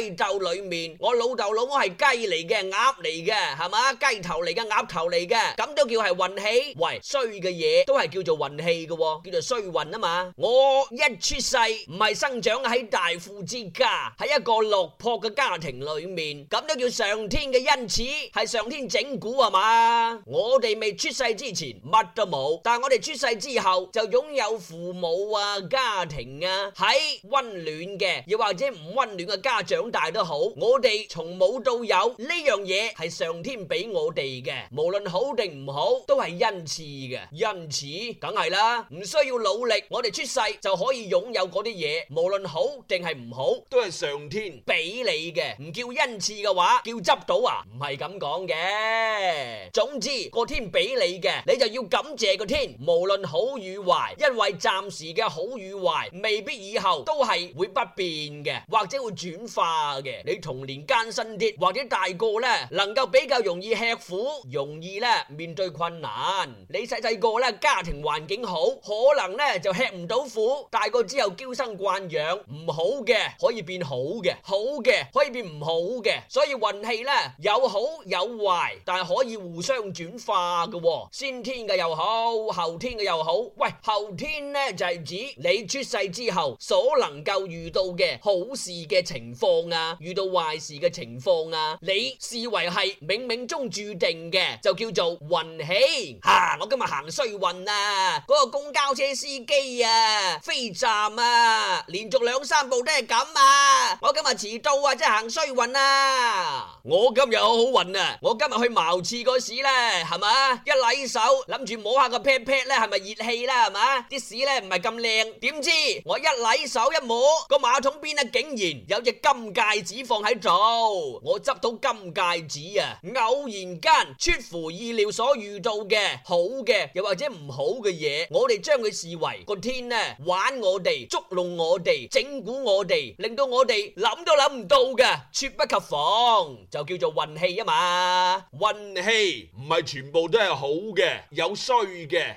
雞斗裏面，我老豆老母係雞嚟嘅，鴨嚟嘅，係嘛雞頭嚟嘅，鴨頭嚟嘅，咁都叫係運氣。喂，衰嘅嘢都係叫做運氣嘅，叫做衰運啊嘛。我一出世唔係生長喺大富之家，喺一個落魄嘅家庭裏面，咁都叫上天嘅恩賜，係上天整蠱啊嘛。我哋未出世之前乜都冇，但係我哋出世之後就擁有父母啊、家庭啊，喺温暖嘅，又或者唔温暖嘅家長。大都好，我哋從冇到有呢樣嘢，係上天俾我哋嘅，無論好定唔好都係恩賜嘅，因此梗係啦，唔需要努力，我哋出世就可以擁有嗰啲嘢，無論好定係唔好都係上天俾你嘅，唔叫恩賜嘅話叫執到啊，唔係咁講嘅。總之個天俾你嘅，你就要感謝個天，無論好與壞，因為暫時嘅好與壞未必以後都係會不變嘅，或者會轉化。你童年艱辛啲或者大個呢能夠比較容易吃苦，容易呢面對困難。你細細個呢家庭，環境好，可能呢就吃唔到苦。大個之後嬌生慣養，唔好嘅可以變好嘅，好嘅可以變唔好嘅。所以運氣呢有好有壞，但係可以互相轉化嘅喎。先天嘅又好，後天嘅又好。喂，後天呢就係指你出世之後所能夠遇到嘅好事嘅情況。啊！遇到壞事嘅情況啊，你視為係冥冥中注定嘅，就叫做運氣啊。我今日行衰運啊！嗰個公交車司機啊，飛站啊，連續兩三部都係咁啊！我今日遲到啊，真係行衰運啊！我今日好好運啊！我今日去茅廁個屎咧，係嘛？一洗手，諗住摸下個 pad pad 咧，係咪熱氣啦？係嘛？啲屎咧唔係咁靚，點知我一洗手一摸個馬桶邊咧，竟然有隻金。戒指放喺度，我執到金戒指啊！偶然間出乎意料所遇到嘅好嘅，又或者唔好嘅嘢，我哋將佢視為個天呢玩我哋，捉弄我哋，整蠱我哋，令到我哋諗都諗唔到嘅，猝不及防就叫做運氣啊嘛！運氣唔係全部都係好嘅，有衰嘅。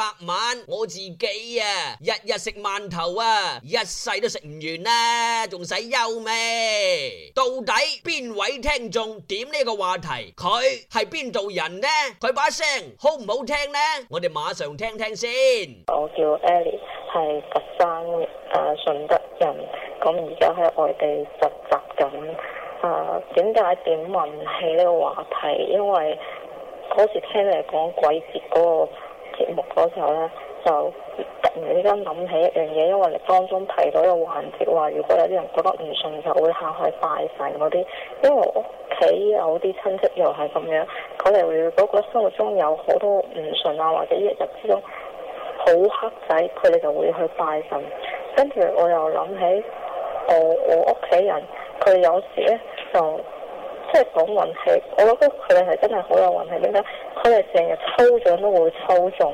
百萬我自己啊，日日食饅頭啊，一世都食唔完啦，啊，仲使憂咩？到底邊位聽眾點呢個話題？佢係邊度人呢？佢把聲好唔好聽呢？我哋馬上聽聽先。我叫 Ellie，係佛山誒順、啊、德人，咁而家喺外地實習緊。誒、啊，點解點問起呢個話題？因為嗰時聽你講鬼節嗰、嗰個。節目嗰時候咧，就突然之間諗起一樣嘢，因為你當中提到個環節話，如果有啲人覺得唔順，就會下去拜神嗰啲。因為我屋企有啲親戚又係咁樣，佢哋會覺得生活中有好多唔順啊，或者一日之中好黑仔，佢哋就會去拜神。跟住我又諗起我我屋企人，佢有時咧就。即係講運氣，我覺得佢哋係真係好有運氣，點解？佢哋成日抽獎都會抽中，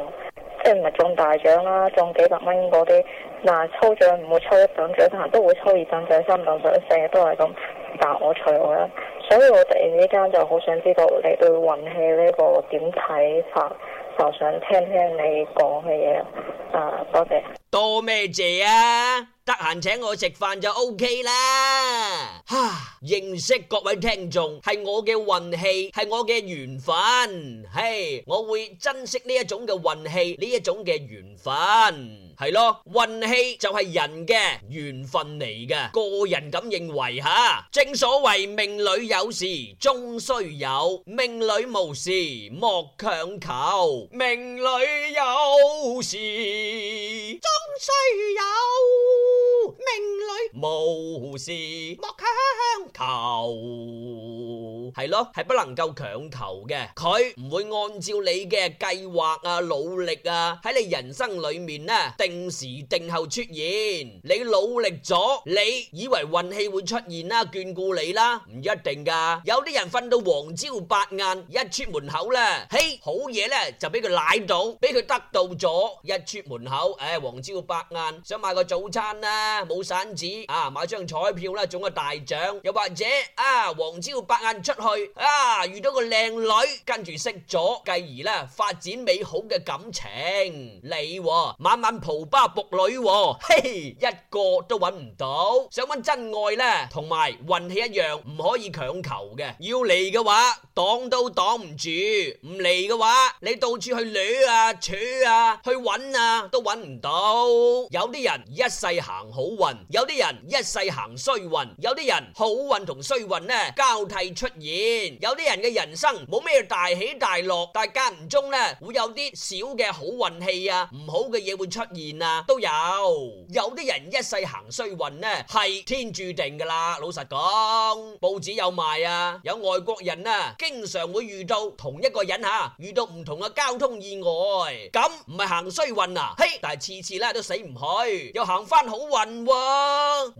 即係唔係中大獎啦，中幾百蚊嗰啲。嗱，抽獎唔會抽一等獎，但係都會抽二等獎、三等獎，成日都係咁。但我隨我啦，所以我突然之間就好想知道你對運氣呢個點睇法，就想聽聽你講嘅嘢。啊，多謝。多咩謝啊？得閒請我食飯就 OK 啦，哈！認識各位聽眾係我嘅運氣，係我嘅緣分，嘿、hey，我會珍惜呢一種嘅運氣，呢一種嘅緣分，係咯，運氣就係人嘅緣分嚟㗎，個人咁認為吓。正所謂命裏有時終須有，命裏無時莫強求，命裏有時終須有。命裏無事莫強求，係咯，係不能夠強求嘅。佢唔會按照你嘅計劃啊、努力啊喺你人生裏面呢定時定候出現。你努力咗，你以為運氣會出現啦、眷顧你啦，唔一定噶。有啲人瞓到黃朝白晏，一出門口咧，嘿，好嘢咧，就俾佢瀨到，俾佢得到咗。一出門口，誒，黃朝白晏想買個早餐啦。冇散紙啊！買張彩票啦，中個大獎；又或者啊，黃朝白晏出去啊，遇到個靚女，跟住識咗，繼而咧發展美好嘅感情。你晚晚蒲巴卜女，嘿，一個都揾唔到。想揾真愛咧，同埋運氣一樣，唔可以強求嘅。要嚟嘅話，擋都擋唔住；唔嚟嘅話，你到處去掠啊、取啊、去揾啊，都揾唔到。有啲人一世行好運，有啲人一世行衰運，有啲人好運同衰運呢交替出現，有啲人嘅人生冇咩大起大落，但係間唔中呢會有啲小嘅好運氣啊，唔好嘅嘢會出現啊都有。有啲人一世行衰運呢係天注定噶啦，老實講，報紙有賣啊。有外國人啊經常會遇到同一個人吓，遇到唔同嘅交通意外，咁唔係行衰運啊，嘿，Hey, 但係次次咧都死唔去，又行返好運。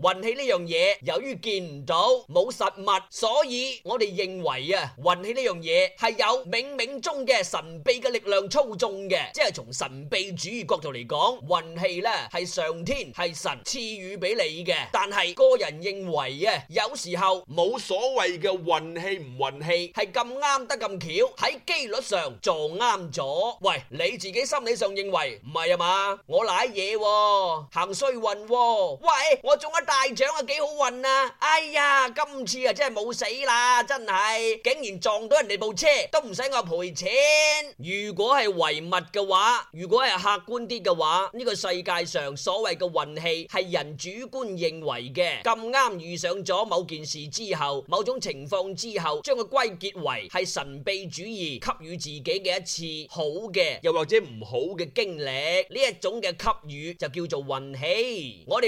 運氣呢樣嘢，由於見唔到，冇實物，所以我哋認為啊，運氣呢樣嘢係有冥冥中嘅神秘嘅力量操縱嘅，即係從神秘主義角度嚟講，運氣呢係上天係神賜予俾你嘅。但係個人認為啊，有時候冇所謂嘅運氣唔運氣，係咁啱得咁巧，喺機率上撞啱咗。喂，你自己心理上認為唔係啊嘛？我瀨嘢喎，行衰運喎。喂，我中咗大獎啊，幾好運啊！哎呀，今次啊真係冇死啦，真係竟然撞到人哋部車都唔使我賠錢。如果係唯物嘅話，如果係客觀啲嘅話，呢個世界上所謂嘅運氣係人主觀認為嘅，咁啱遇上咗某件事之後，某種情況之後，將佢歸結為係神秘主義給予自己嘅一次好嘅，又或者唔好嘅經歷，呢一種嘅給予就叫做運氣。我哋。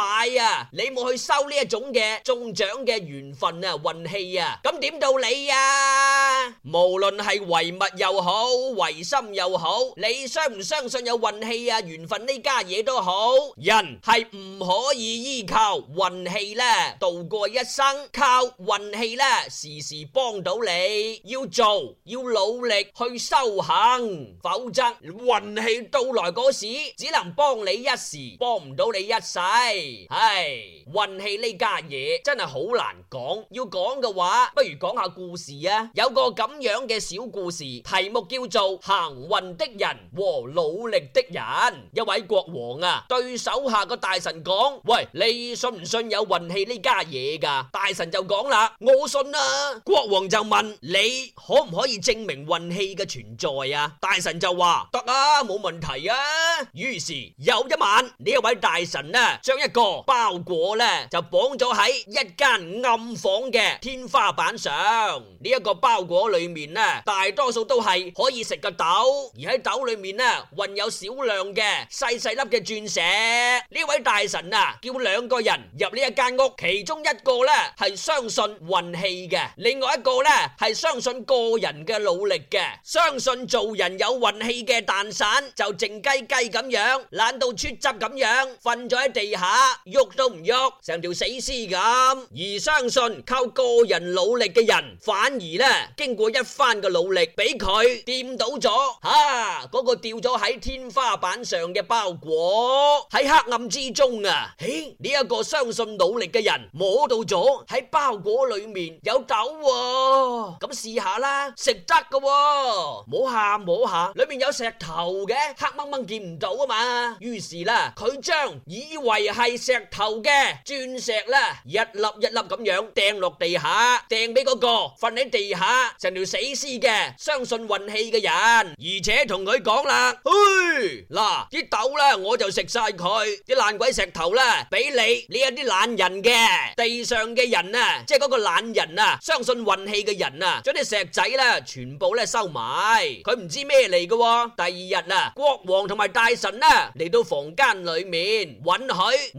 買啊！你冇去收呢一種嘅中獎嘅緣分啊，運氣啊，咁點到你啊？無論係唯物又好，唯心又好，你相唔相信有運氣啊、緣分呢家嘢都好，人係唔可以依靠運氣啦，度過一生靠運氣啦，時時幫到你。要做要努力去修行，否則運氣到來嗰時，只能幫你一時，幫唔到你一世。唉，運氣呢家嘢真係好難講。要講嘅話，不如講下故事啊。有個咁樣嘅小故事，題目叫做《行運的人和努力的人》。一位國王啊，對手下個大臣講：喂，你信唔信有運氣呢家嘢噶？大臣就講啦：我信啊。國王就問：你可唔可以證明運氣嘅存在啊？大臣就話：得啊，冇問題啊。於是有一晚，呢一位大臣啊將一個。包裹呢就綁咗喺一間暗房嘅天花板上。呢一個包裹裏面呢，大多數都係可以食嘅豆，而喺豆裏面呢，混有少量嘅細細粒嘅鑽石。呢位大臣啊，叫兩個人入呢一間屋，其中一個呢係相信運氣嘅，另外一個呢係相信個人嘅努力嘅，相信做人有運氣嘅蛋散就靜雞雞咁樣，懶到出汁咁樣，瞓咗喺地下。喐都唔喐，成條死屍咁。而相信靠個人努力嘅人，反而咧經過一番嘅努力，俾佢掂到咗。吓，嗰個掉咗喺天花板上嘅包裹喺黑暗之中啊！呢一個相信努力嘅人摸到咗喺包裹裏面有狗，咁試下啦，食得㗎，摸下摸下，裏面有石頭嘅黑掹掹見唔到啊嘛。於是啦，佢將以為係。係石頭嘅鑽石啦，一粒一粒咁樣掟落地下，掟俾嗰個瞓喺地下成條死屍嘅、相信運氣嘅人，而且同佢講啦，噓嗱啲豆啦，我就食晒佢啲爛鬼石頭啦，俾你你有啲懶人嘅地上嘅人啊，即係嗰個懶人啊，相信運氣嘅人啊，將啲石仔啦全部咧收埋，佢唔知咩嚟嘅。第二日啊，國王同埋大臣啊嚟到房間裏面允許。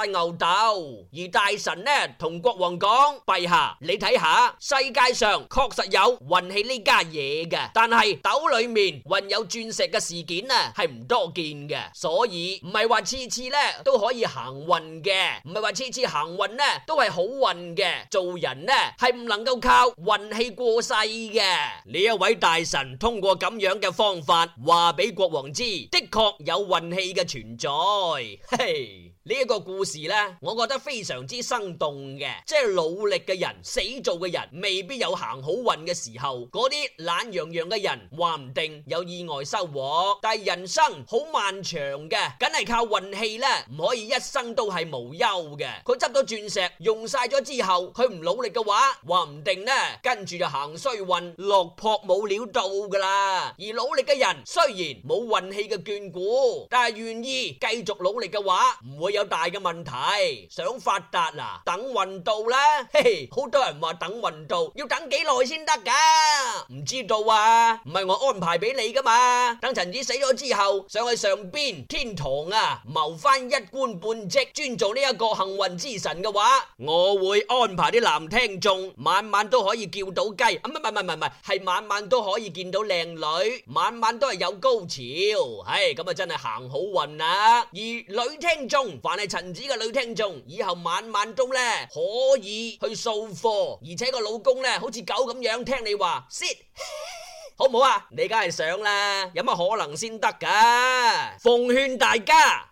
晒牛豆，而大臣呢同國王講，陛下，你睇下世界上確實有運氣呢家嘢嘅，但係豆裏面混有鑽石嘅事件啊，係唔多見嘅，所以唔係話次次呢都可以行運嘅，唔係話次次行運呢都係好運嘅。做人呢係唔能夠靠運氣過世嘅。呢一位大臣通過咁樣嘅方法話俾國王知，的確有運氣嘅存在，嘿。呢一個故事呢，我覺得非常之生動嘅，即係努力嘅人死做嘅人未必有行好運嘅時候，嗰啲懶洋洋嘅人話唔定有意外收穫。但係人生好漫長嘅，梗係靠運氣呢，唔可以一生都係無憂嘅。佢執到鑽石用晒咗之後，佢唔努力嘅話，話唔定呢，跟住就行衰運，落魄冇料到噶啦。而努力嘅人雖然冇運氣嘅眷顧，但係願意繼續努力嘅話，唔會有。有大嘅問題，想發達啦，等運到啦，嘿嘿。好多人話等運到，要等幾耐先得噶？唔知道啊。唔係我安排俾你噶嘛。等陳子死咗之後，上去上邊天堂啊，謀翻一官半職，專做呢一個幸運之神嘅話，我會安排啲男聽眾晚晚都可以叫到雞，唔唔唔唔唔係，係晚晚都可以見到靚女，晚晚都係有高潮。唉、哎，咁啊真係行好運啊。而女聽眾。凡係陳子嘅女聽眾，以後晚晚都咧可以去掃貨，而且個老公咧好似狗咁樣聽你話，sit， 好唔好啊？你梗係想啦，有乜可能先得噶？奉勸大家。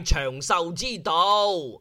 長壽之道，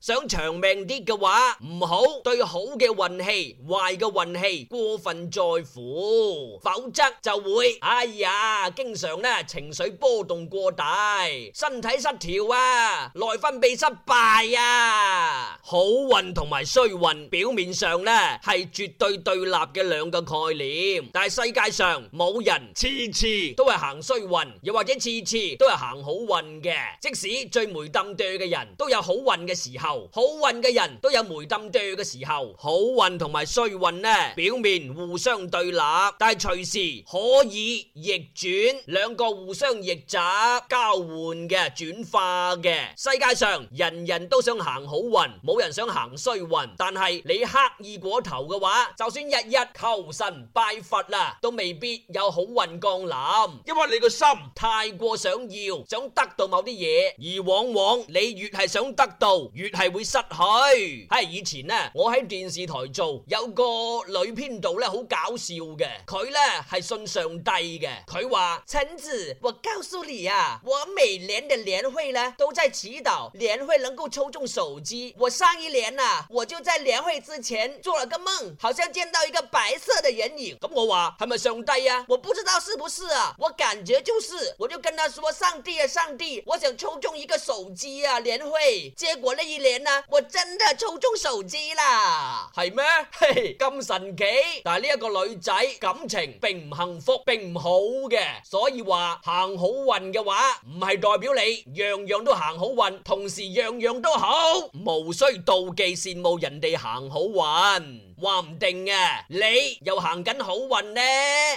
想長命啲嘅話唔好對好嘅運氣、壞嘅運氣過分在乎，否則就會哎呀，經常咧情緒波動過大，身體失調啊，內分泌失敗啊。好運同埋衰運表面上咧係絕對對立嘅兩個概念，但係世界上冇人次次都係行衰運，又或者次次都係行好運嘅，即使最霉特。多嘅人都有好運嘅時候，好運嘅人都有霉氹多嘅時候，好運同埋衰運呢表面互相對立，但係隨時可以逆轉，兩個互相逆轉交換嘅轉化嘅。世界上人人都想行好運，冇人想行衰運，但係你刻意過頭嘅話，就算日日求神拜佛啦，都未必有好運降臨，因為你個心太過想要，想得到某啲嘢，而往往。你越係想得到，越係會失去。係、哎、以前呢、啊，我喺電視台做，有個女編導咧，好搞笑嘅。佢咧係信上帝嘅。佢話：陳子，我告訴你啊，我每年嘅年會咧都在祈禱，年會能夠抽中手機。我上一年啊，我就在年會之前做了個夢，好像見到一個白色的人影，影。咁我話係咪上帝啊？我不知道是不是啊，我感覺就是。我就跟他說：上帝啊，上帝，我想抽中一個手機。是啊，年會結果呢一年呢，我真係抽中手機啦，係咩？嘿，咁神奇！但係呢一個女仔感情並唔幸福，並唔好嘅，所以話行好運嘅話，唔係代表你樣樣都行好運，同時樣樣都好，無須妒忌羨慕人哋行好運。話唔定啊，你又行緊好運呢？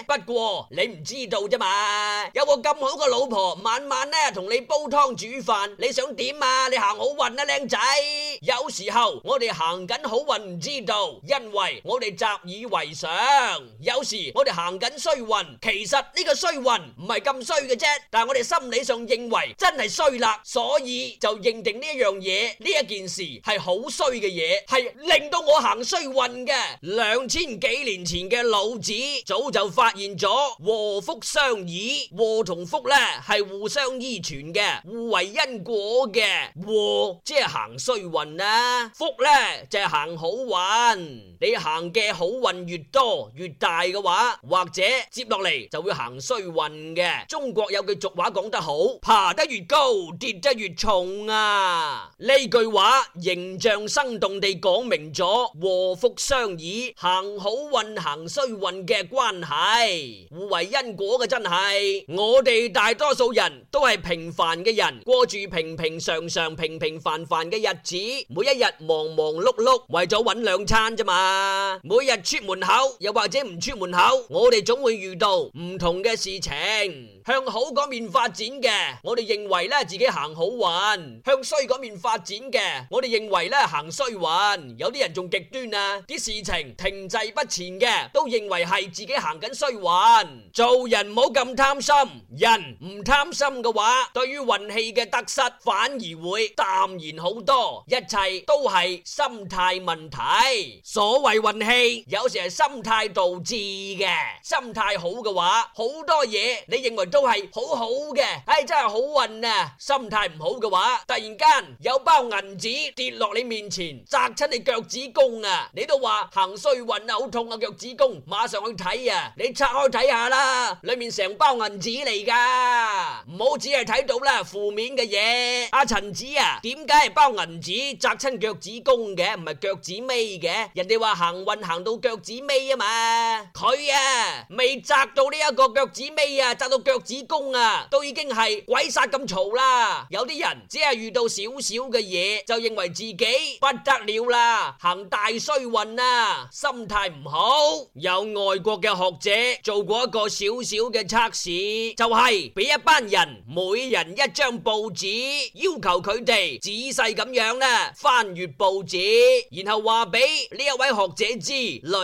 不過你唔知道啫嘛。有個咁好嘅老婆，晚晚呢同你煲湯煮飯，你想點啊？你行好運啊，靚仔！有時候我哋行緊好運唔知道，因為我哋習以為常。有時我哋行緊衰運，其實呢個衰運唔係咁衰嘅啫，但係我哋心理上認為真係衰啦，所以就認定呢一樣嘢呢一件事係好衰嘅嘢，係令到我行衰運。嘅兩千幾年前嘅老子早就發現咗禍福相倚，禍同福咧係互相依存嘅，互為因果嘅。禍即係行衰運啊，福咧就係、是、行好運。你行嘅好運越多越大嘅話，或者接落嚟就會行衰運嘅。中國有句俗話講得好，爬得越高，跌得越重啊！呢句話形象生動地講明咗禍福相。相以行好運行衰運嘅關係，互為因果嘅真係。我哋大多數人都係平凡嘅人，過住平平常常、平平凡凡嘅日子，每一日忙忙碌碌，為咗揾兩餐咋嘛。每日出門口又或者唔出門口，我哋總會遇到唔同嘅事情，向好嗰面發展嘅，我哋認為咧自己行好運；向衰嗰面發展嘅，我哋認為咧行衰運。有啲人仲極端啊，啲事情停滯不前嘅，都認為係自己行緊衰運。做人唔好咁貪心，人唔貪心嘅話，對於運氣嘅得失反而會淡然好多。一切都係心態問題。所謂運氣，有時係心態導致嘅。心態好嘅話，好多嘢你認為都。都係好好嘅，唉、哎，真係好運啊！心態唔好嘅話，突然間有包銀紙跌落你面前，砸親你腳趾公啊！你都話行衰運啊，好痛啊腳趾公，馬上去睇啊！你拆開睇下啦，裏面成包銀紙嚟噶，唔好只係睇到啦負面嘅嘢。阿、啊、陳子啊，點解係包銀紙砸親腳趾公嘅，唔係腳趾尾嘅？人哋話行運行到腳趾尾啊嘛，佢啊未砸到呢一個腳趾尾啊，砸、啊、到腳、啊。子宮啊，都已經係鬼殺咁嘈啦。有啲人只係遇到少少嘅嘢，就認為自己不得了啦，行大衰運喇，心態唔好。有外國嘅學者做過一個少少嘅測試，就係俾一班人每人一張報紙，要求佢哋仔細咁樣呢翻閱報紙，然後話俾呢一位學者知，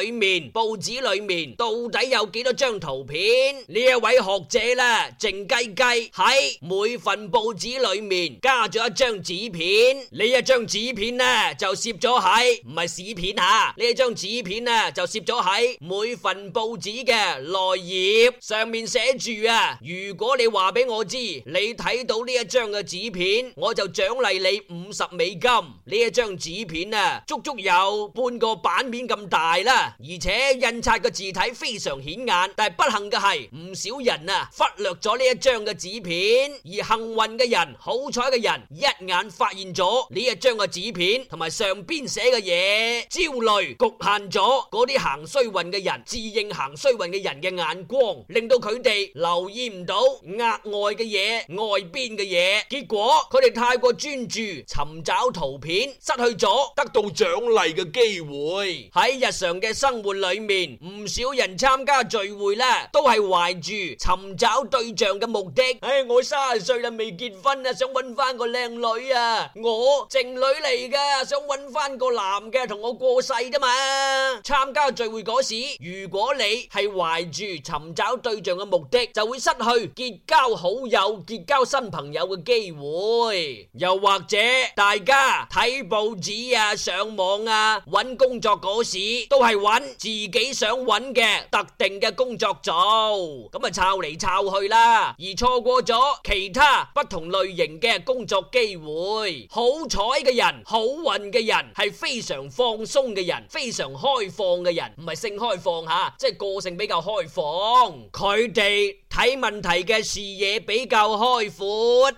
裏面報紙裏面到底有幾多張圖片。呢一位學者呢，靜雞雞喺每份報紙裏面加咗一張紙片，呢一張紙片呢就攝咗喺唔係紙片吓，呢一張紙片呢就攝咗喺每份報紙嘅內頁上面寫住啊。如果你話俾我知你睇到呢一張嘅紙片，我就獎勵你五十美金。呢一張紙片啊，足足有半個版面咁大啦，而且印刷嘅字體非常顯眼，但係不幸嘅係唔少人啊落咗呢一張嘅紙片，而幸運嘅人，好彩嘅人，一眼發現咗呢一張嘅紙片，同埋上邊寫嘅嘢，焦慮局限咗嗰啲行衰運嘅人，自認行衰運嘅人嘅眼光，令到佢哋留意唔到額外嘅嘢，外邊嘅嘢，結果佢哋太過專注尋找圖片，失去咗得到獎勵嘅機會。喺日常嘅生活裏面，唔少人參加聚會咧，都係懷住尋找。對象嘅目的，唉，我卅歲啦，未結婚啊，想搵翻個靚女啊，我剩女嚟噶，想搵翻個男嘅同我過世啫嘛。參加聚會嗰時，如果你係懷住尋找對象嘅目的，就會失去結交好友、結交新朋友嘅機會。又或者大家睇報紙啊、上網啊、搵工作嗰時，都係搵自己想搵嘅特定嘅工作做，咁啊，抄嚟抄去。去啦，而錯過咗其他不同類型嘅工作機會。好彩嘅人，好運嘅人係非常放鬆嘅人，非常開放嘅人，唔係性開放吓，即係個性比較開放。佢哋睇問題嘅視野比較開闊，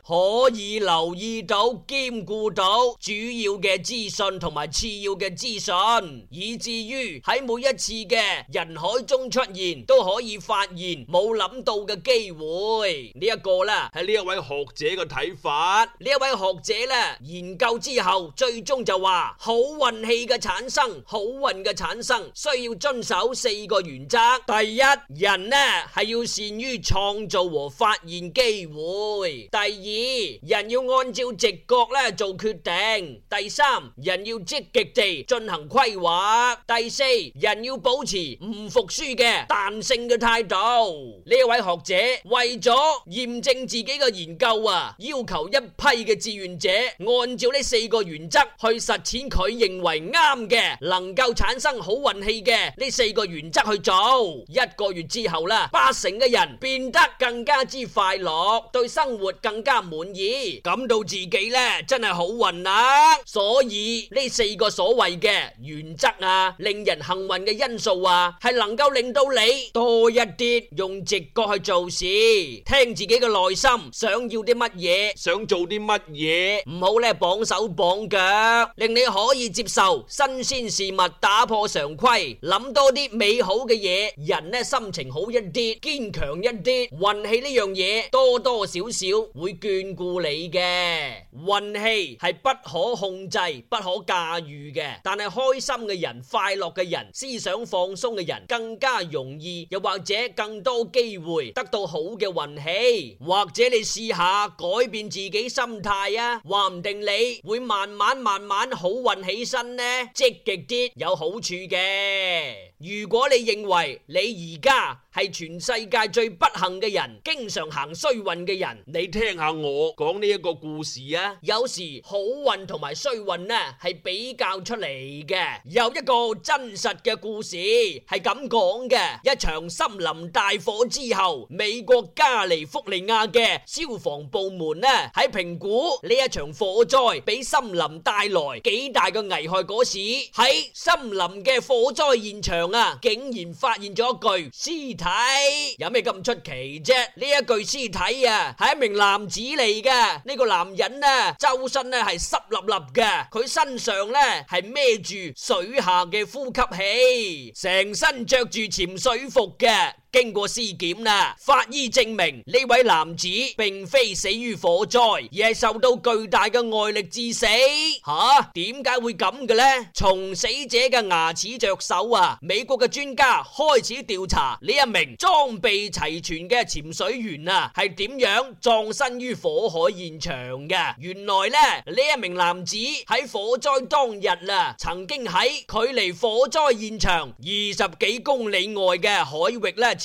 可以留意到兼顧到主要嘅資訊同埋次要嘅資訊，以至於喺每一次嘅人海中出現，都可以發現冇諗到嘅機會呢一個呢，係呢一位學者嘅睇法。呢一位學者呢，研究之後，最終就話：好運氣嘅產生，好運嘅產生，需要遵守四個原則。第一，人呢係要善於創造和發現機會；第二，人要按照直覺咧做決定；第三，人要積極地進行規劃；第四，人要保持唔服輸嘅彈性嘅態度。呢一位學者。為咗驗證自己嘅研究啊，要求一批嘅志願者按照呢四個原則去實踐，佢認為啱嘅，能夠產生好運氣嘅呢四個原則去做。一個月之後啦，八成嘅人變得更加之快樂，對生活更加滿意，感到自己咧真係好運啊！所以呢四個所謂嘅原則啊，令人幸運嘅因素啊，係能夠令到你多一啲用直覺去做事。聽自己嘅內心想要啲乜嘢，想做啲乜嘢，唔好咧綁手綁腳，令你可以接受新鮮事物，打破常規，諗多啲美好嘅嘢，人咧心情好一啲，堅強一啲，運氣呢樣嘢多多少少會眷顧你嘅。運氣係不可控制、不可駕馭嘅，但係開心嘅人、快樂嘅人、思想放鬆嘅人，更加容易又或者更多機會得到。好嘅運氣，或者你試下改變自己心態啊，話唔定你會慢慢慢慢好運起身呢。積極啲有好處嘅。如果你認為你而家係全世界最不幸嘅人，經常行衰運嘅人，你聽下我講呢一個故事啊。有時好運同埋衰運呢係比較出嚟嘅。有一個真實嘅故事係咁講嘅：一場森林大火之後，美國加利福尼亞嘅消防部門呢，喺評估呢一場火災俾森林帶來幾大嘅危害嗰時，喺森林嘅火災現場啊，竟然發現咗一具屍體。有咩咁出奇啫？呢一具屍體啊，係一名男子嚟嘅。呢個男人呢，周身呢係濕立立嘅，佢身上呢係孭住水下嘅呼吸器，成身着住潛水服嘅。經過屍檢啦，法醫證明呢位男子並非死於火災，而係受到巨大嘅外力致死。吓，點解會咁嘅呢？從死者嘅牙齒着手啊，美國嘅專家開始調查呢一名裝備齊全嘅潛水員啊，係點樣葬身於火海現場嘅？原來呢，呢一名男子喺火災當日啊，曾經喺距離火災現場二十幾公里外嘅海域咧。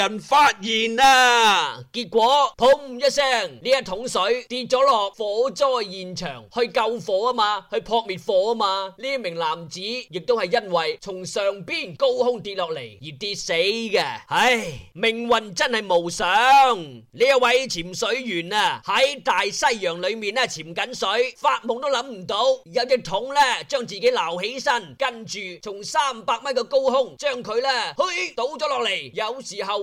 人發現啊，結果砰一聲，呢一桶水跌咗落火災現場去救火啊嘛，去撲滅火啊嘛。呢一名男子亦都係因為從上邊高空跌落嚟，而跌死嘅。唉，命運真係無常。呢一位潛水員啊，喺大西洋裏面咧潛緊水，發夢都諗唔到有隻桶咧將自己撈起身，跟住從三百米嘅高空將佢咧去倒咗落嚟。有時候。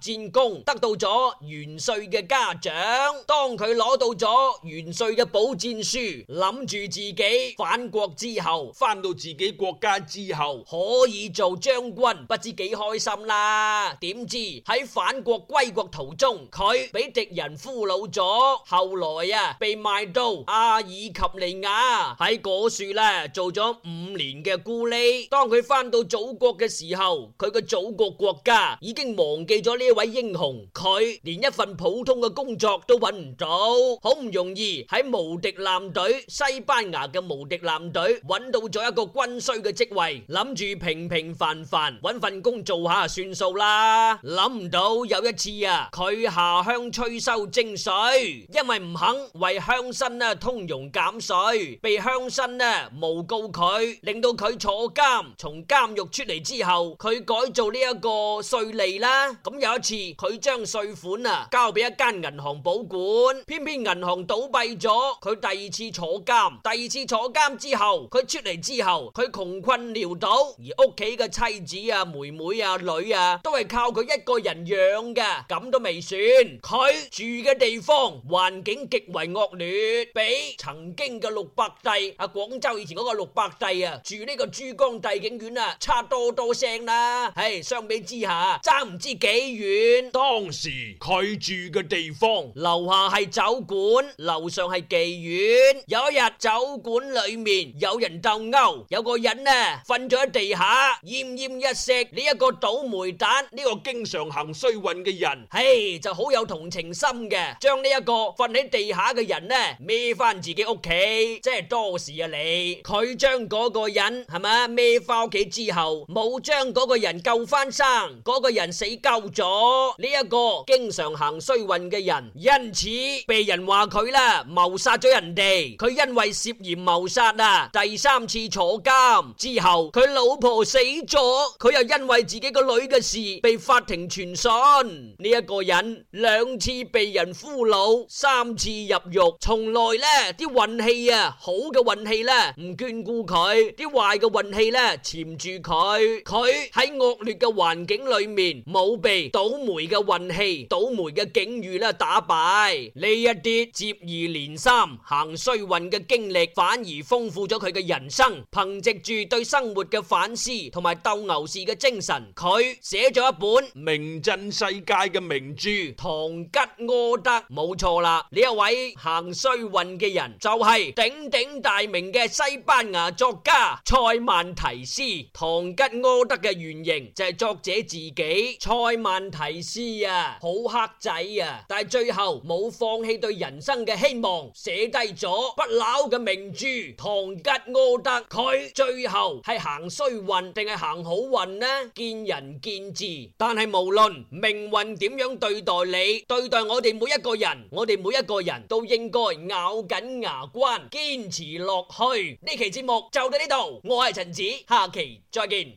戰功得到咗元帥嘅嘉獎，當佢攞到咗元帥嘅保薦書，諗住自己返國之後，翻到自己國家之後可以做將軍，不知幾開心啦。點知喺返國歸國途中，佢俾敵人俘虜咗，後來啊被賣到阿爾及利亞，喺嗰處咧做咗五年嘅咕喱。當佢翻到祖國嘅時候，佢嘅祖國國家已經忘記咗呢。呢位英雄，佢連一份普通嘅工作都搵唔到，好唔容易喺無敵艦隊，西班牙嘅無敵艦隊搵到咗一個軍需嘅職位，諗住平平凡凡搵份工做下算數啦。諗唔到有一次啊，佢下鄉催收徵稅，因為唔肯為鄉紳呢通融減稅，被鄉紳呢誣告佢，令到佢坐監。從監獄出嚟之後，佢改做呢一個稅吏啦。咁有。次一次佢將稅款啊交俾一間銀行保管，偏偏銀行倒閉咗，佢第二次坐監。第二次坐監之後，佢出嚟之後，佢窮困潦倒，而屋企嘅妻子啊、妹妹啊、女啊都係靠佢一個人養嘅，咁都未算。佢住嘅地方環境極為惡劣，比曾經嘅六百世啊，廣州以前嗰個六百世啊住呢個珠江帝景苑啊差多多聲啦。唉，相比之下，差唔知幾遠。院當時佢住嘅地方，樓下係酒館，樓上係妓院。有一日酒館裏面有人鬥毆，有個人呢瞓咗喺地下奄奄一息。呢一個倒霉蛋，呢個經常行衰運嘅人，嘿就好有同情心嘅，將呢一個瞓喺地下嘅人呢孭翻自己屋企，即係多事啊你！你佢將個人係咪孭翻屋企之後，冇將個人救翻生，嗰個人死鳩咗。呢一個經常行衰運嘅人，因此被人話佢啦，謀殺咗人哋，佢因為涉嫌謀殺啊，第三次坐監之後，佢老婆死咗，佢又因為自己個女嘅事被法庭傳訊。呢、這、一個人兩次被人俘虜，三次入獄，從來呢啲運氣啊，好嘅運氣呢唔眷顧佢，啲壞嘅運氣呢纏住佢。佢喺惡劣嘅環境裏面冇被到倒霉嘅運氣、倒霉嘅境遇咧打敗呢一啲接二連三行衰運嘅經歷，反而豐富咗佢嘅人生。憑藉住對生活嘅反思同埋鬥牛士嘅精神，佢寫咗一本名震世界嘅名著《堂吉訶德》。冇錯啦，呢一位行衰運嘅人就係鼎鼎大名嘅西班牙作家塞萬提斯。《堂吉訶德》嘅原型就係作者自己，塞萬。提示啊，好黑仔啊，但係最後冇放棄對人生嘅希望，寫低咗不朽嘅名著《唐吉訶德》。佢最後係行衰運定係行好運呢？見仁見智。但係無論命運點樣對待你，對待我哋每一個人，我哋每一個人都應該咬緊牙關，堅持落去。呢期節目就到呢度，我係陳子，下期再見。